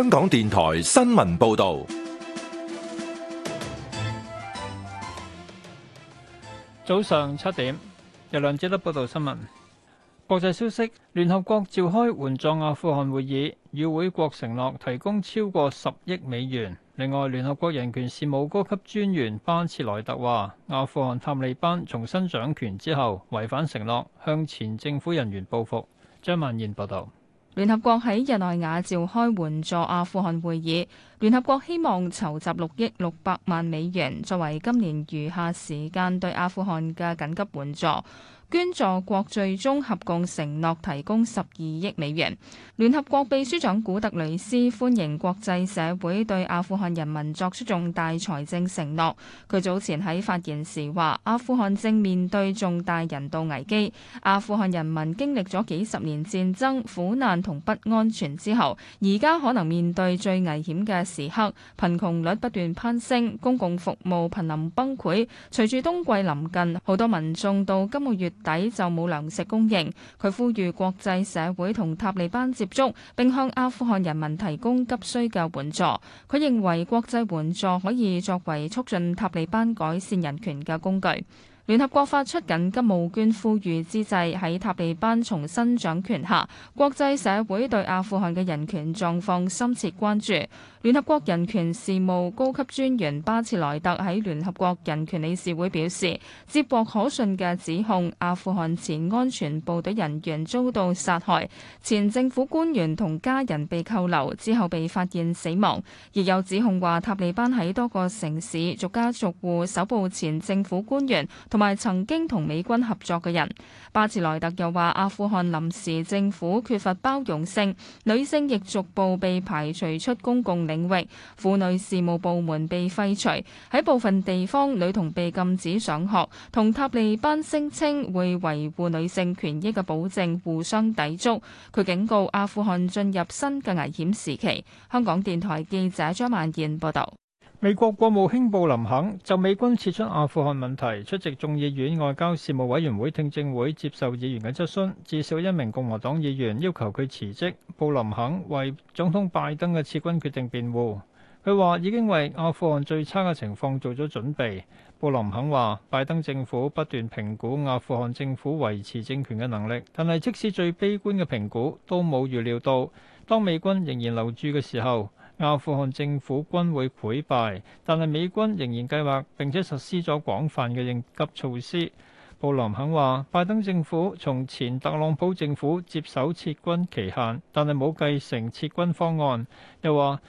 香港電台新聞報道，早上七點，由梁志德報道新聞。國際消息：聯合國召開援助阿富汗會議，與會國承諾提供超過十億美元。另外，聯合國人權事務高級專員班徹萊特話，阿富汗塔利班重新掌權之後，違反承諾，向前政府人員報復。張曼燕報道。聯合國喺日內瓦召開援助阿富汗會議。聯合國希望籌集六億六百萬美元作為今年餘下時間對阿富汗嘅緊急援助，捐助國最終合共承諾提供十二億美元。聯合國秘書長古特雷斯歡迎國際社會對阿富汗人民作出重大財政承諾。佢早前喺發言時話：阿富汗正面對重大人道危機，阿富汗人民經歷咗幾十年戰爭、苦難同不安全之後，而家可能面對最危險嘅時刻貧窮率不斷攀升，公共服務瀕臨崩潰。隨住冬季臨近，好多民眾到今個月底就冇糧食供應。佢呼籲國際社會同塔利班接觸，並向阿富汗人民提供急需嘅援助。佢認為國際援助可以作為促進塔利班改善人權嘅工具。聯合國發出緊急募捐呼籲之際，喺塔利班重新掌權下，國際社會對阿富汗嘅人權狀況深切關注。聯合國人權事務高級專員巴切萊特喺聯合國人權理事會表示，接獲可信嘅指控，阿富汗前安全部隊人員遭到殺害，前政府官員同家人被扣留之後被發現死亡。亦有指控話，塔利班喺多個城市逐家逐戶搜捕前政府官員同同埋曾經同美軍合作嘅人，巴茨萊特又話：阿富汗臨時政府缺乏包容性，女性亦逐步被排除出公共領域，婦女事務部門被廢除，喺部分地方女童被禁止上學，同塔利班聲稱會維護女性權益嘅保證互相抵觸。佢警告阿富汗進入新嘅危險時期。香港電台記者張曼燕報道。美國國務卿布林肯就美軍撤出阿富汗問題出席眾議院外交事務委員會聽證會，接受議員嘅質詢。至少一名共和黨議員要求佢辭職。布林肯為總統拜登嘅撤軍決定辯護，佢話已經為阿富汗最差嘅情況做咗準備。布林肯話，拜登政府不斷評估阿富汗政府維持政權嘅能力，但係即使最悲觀嘅評估都冇預料到，當美軍仍然留駐嘅時候。阿富汗政府軍會潰敗，但係美軍仍然計劃並且實施咗廣泛嘅應急措施。布林肯話：拜登政府從前特朗普政府接手撤軍期限，但係冇繼承撤軍方案。又話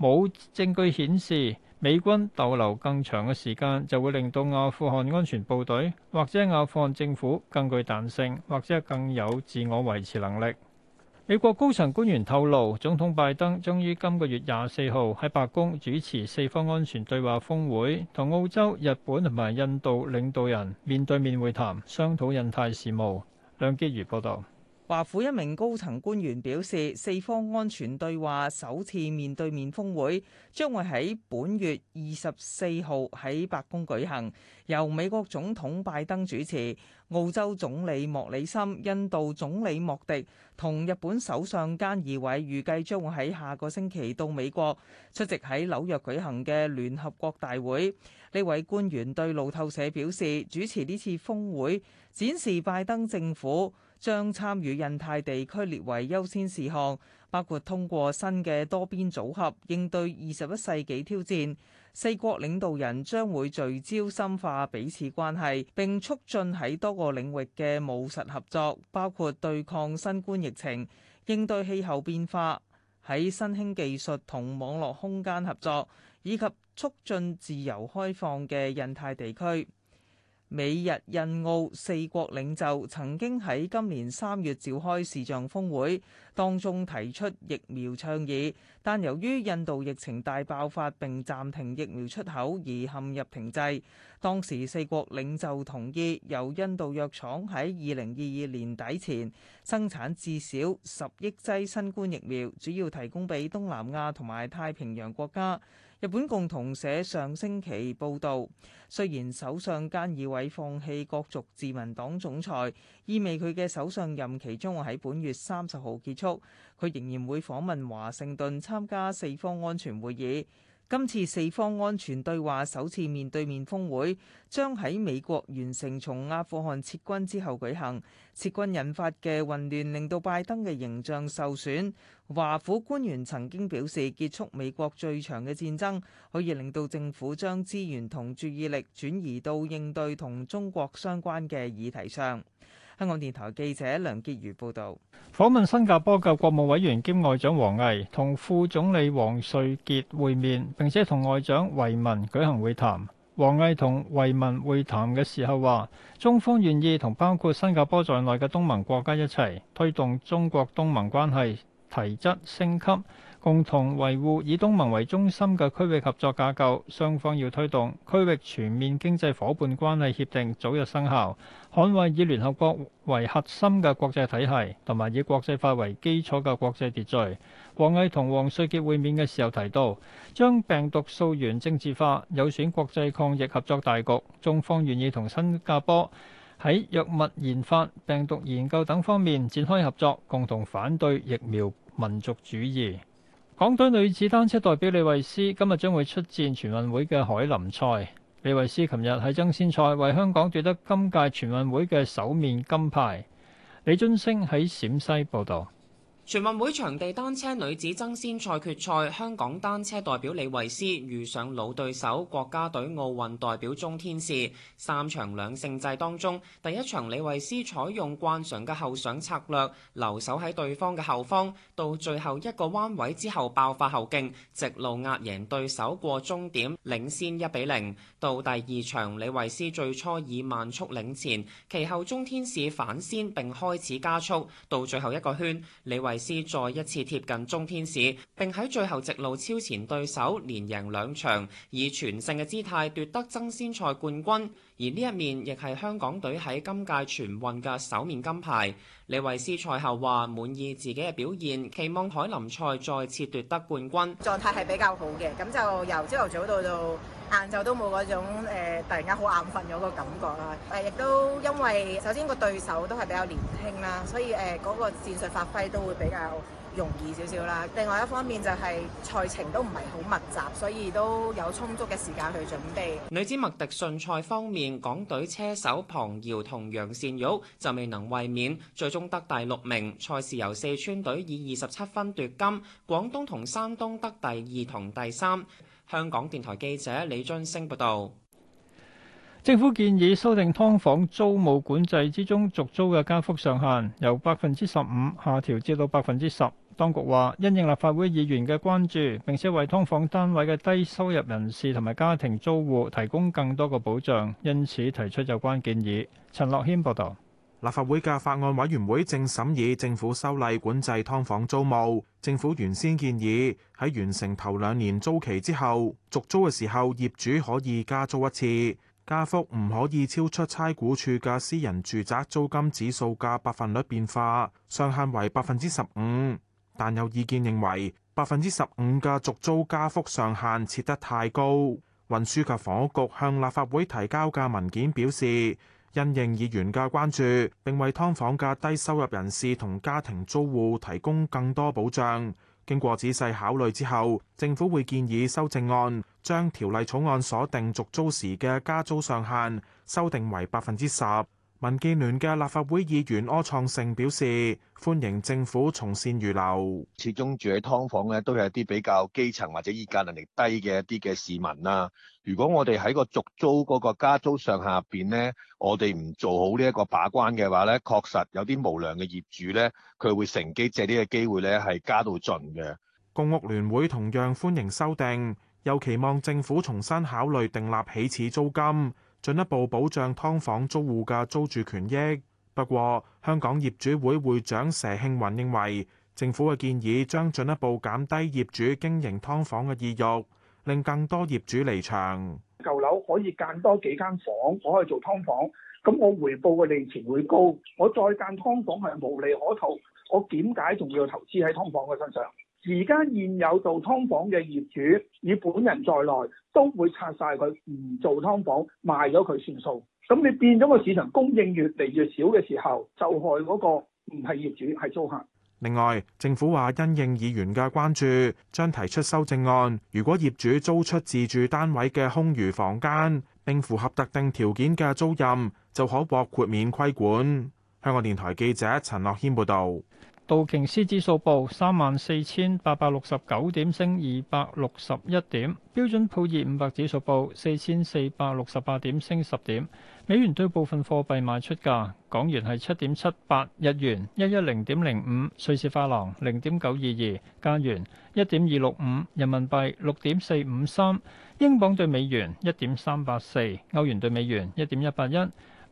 冇證據顯示美軍逗留更長嘅時間就會令到阿富汗安全部隊或者阿富汗政府更具彈性，或者更有自我維持能力。美國高層官員透露，總統拜登將於今個月廿四號喺白宮主持四方安全對話峰會，同澳洲、日本同埋印度領導人面對面會談，商討印太事務。梁潔如報導。華府一名高層官員表示，四方安全對話首次面對面峰會將會喺本月二十四號喺白宮舉行，由美國總統拜登主持。澳洲總理莫里森、印度總理莫迪同日本首相菅義偉預計將會喺下個星期到美國出席喺紐約舉行嘅聯合國大會。呢位官員對路透社表示，主持呢次峰會展示拜登政府將參與印太地區列為優先事項，包括通過新嘅多邊組合應對二十一世紀挑戰，四國領導人將會聚焦深化彼此關係，並促進喺多個領域嘅務實合作，包括對抗新冠疫情、應對氣候變化、喺新興技術同網絡空間合作。以及促進自由開放嘅印太地區，美日印澳四國領袖曾經喺今年三月召開視像峰會，當中提出疫苗倡議。但由於印度疫情大爆發並暫停疫苗出口而陷入停滯，當時四國領袖同意由印度藥廠喺二零二二年底前生產至少十億劑新冠疫苗，主要提供俾東南亞同埋太平洋國家。日本共同社上星期報道，雖然首相菅義偉放棄角逐自民黨總裁，意味佢嘅首相任期將會喺本月三十號結束，佢仍然會訪問華盛頓參加四方安全會議。今次四方安全對話首次面對面峰會將喺美國完成從阿富汗撤軍之後舉行。撤軍引發嘅混亂令到拜登嘅形象受損。華府官員曾經表示，結束美國最長嘅戰爭可以令到政府將資源同注意力轉移到應對同中國相關嘅議題上。香港電台記者梁潔瑜報道，訪問新加坡嘅國務委員兼外長王毅同副總理王瑞傑會面，並且同外長維文舉行會談。王毅同維文會談嘅時候話，中方願意同包括新加坡在內嘅東盟國家一齊推動中國東盟關係提質升級。共同維護以東盟為中心嘅區域合作架構，雙方要推動區域全面經濟夥伴關係協定早日生效。捍衞以聯合國為核心嘅國際體系，同埋以國際法為基礎嘅國際秩序。王毅同王瑞傑會面嘅時候提到，將病毒溯源政治化有損國際抗疫合作大局。中方願意同新加坡喺藥物研發、病毒研究等方面展開合作，共同反對疫苗民族主義。港隊女子單車代表李慧詩今日將會出戰全運會嘅凱林賽。李慧詩琴日喺爭先賽為香港奪得今屆全運會嘅首面金牌。李津星喺陝西報道。全運會場地單車女子爭先賽決賽，香港單車代表李慧詩遇上老對手國家隊奧運代表鍾天使，三場兩勝制當中，第一場李慧詩採用慣常嘅後上策略，留守喺對方嘅後方，到最後一個彎位之後爆發後勁，直路壓贏對手過終點，領先一比零。到第二場，李慧詩最初以慢速領前，其後鍾天使反先並開始加速，到最後一個圈，李慧。斯再一次貼近中天使，並喺最後直路超前對手，連贏兩場，以全勝嘅姿態奪得爭先賽冠軍。而呢一面亦係香港隊喺今屆全運嘅首面金牌。李慧詩賽後話滿意自己嘅表現，期望凱林賽再次奪得冠軍。狀態係比較好嘅，咁就由朝頭早到到晏晝都冇嗰種誒、呃、突然間好眼瞓嗰個感覺啦。誒、呃、亦都因為首先個對手都係比較年輕啦，所以誒嗰、呃那個戰術發揮都會比較容易少少啦。另外一方面就係賽程都唔係好密集，所以都有充足嘅時間去準備。女子麥迪遜賽方面，港隊車手龐瑤同楊善玉就未能衛冕，最終得第六名。賽事由四川隊以二十七分奪金，廣東同山東得第二同第三。香港電台記者李津升報道。政府建議修訂劏房租務管制之中續租嘅加幅上限，由百分之十五下調至到百分之十。當局話，因應立法會議員嘅關注，並且為劏房單位嘅低收入人士同埋家庭租戶提供更多嘅保障，因此提出有關建議。陳樂軒報道。立法會嘅法案委員會正審議政府修例管制劏房租務。政府原先建議喺完成頭兩年租期之後續租嘅時候，業主可以加租一次，加幅唔可以超出差估處嘅私人住宅租金指數嘅百分率變化，上限為百分之十五。但有意見認為，百分之十五嘅續租加幅上限設得太高。運輸及房屋局向立法會提交嘅文件表示，因應議員嘅關注，並為劏房嘅低收入人士同家庭租戶提供更多保障。經過仔細考慮之後，政府會建議修正案，將條例草案鎖定續租時嘅加租上限修訂為百分之十。民建聯嘅立法會議員柯創盛表示，歡迎政府從善如流。始終住喺劏房咧，都有一啲比較基層或者依家能力低嘅一啲嘅市民啦。如果我哋喺個續租嗰個加租上下邊呢，我哋唔做好呢一個把關嘅話呢，確實有啲無良嘅業主呢，佢會乘機借呢個機會呢，係加到盡嘅。公屋聯會同樣歡迎修訂，又期望政府重新考慮訂立起始租金。進一步保障劏房租戶嘅租住權益。不過，香港業主會會長佘慶雲認為，政府嘅建議將進一步減低業主經營劏房嘅意欲，令更多業主離場。舊樓可以間多幾間房，我可以做劏房，咁我回報嘅利錢會高。我再間劏房係無利可圖，我點解仲要投資喺劏房嘅身上？而家現有做劏房嘅業主，以本人在內，都會拆晒佢，唔做劏房，賣咗佢算數。咁你變咗個市場供應越嚟越少嘅時候，就害嗰個唔係業主，係租客。另外，政府話因應議員嘅關注，將提出修正案，如果業主租出自住單位嘅空餘房間並符合特定條件嘅租賃，就可獲豁免規管。香港電台記者陳樂軒報導。道瓊斯指數報三萬四千八百六十九點，升二百六十一點。標準普爾五百指數報四千四百六十八點，升十點。美元對部分貨幣賣出價：港元係七點七八，日元一一零點零五，瑞士法郎零點九二二，加元一點二六五，人民幣六點四五三，英鎊對美元一點三八四，歐元對美元一點一八一。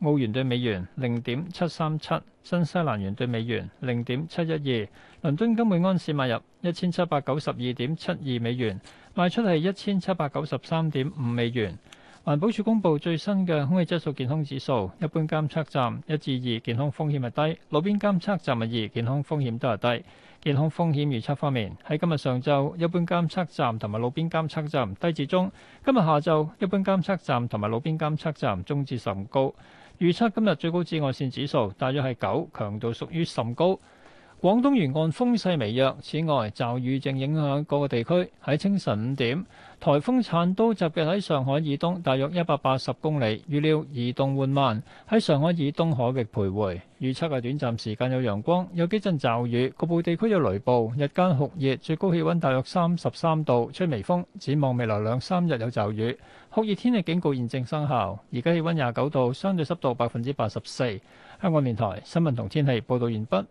澳元兌美元零點七三七，新西蘭元兌美元零點七一二。倫敦金每安士買入一千七百九十二點七二美元，賣出係一千七百九十三點五美元。環保署公布最新嘅空氣質素健康指數，一般監測站一至二健康風險係低，路邊監測站係二健康風險都係低。健康風險預測方面，喺今日上晝一般監測站同埋路邊監測站低至中，今日下晝一般監測站同埋路邊監測站中至甚高。預測今日最高紫外線指數大約係九，強度屬於甚高。廣東沿岸風勢微弱，此外，驟雨正影響各個地區。喺清晨五點，颱風燦都集結喺上海以東大約一百八十公里，預料移動緩慢，喺上海以東海域徘徊。預測係短暫時間有陽光，有幾陣驟雨。局部地區有雷暴，日間酷熱，最高氣溫大約三十三度。吹微風，展望未來兩三日有驟雨。酷熱天氣警告現正生效。而家氣溫廿九度，相對濕度百分之八十四。香港電台新聞同天氣報道完畢。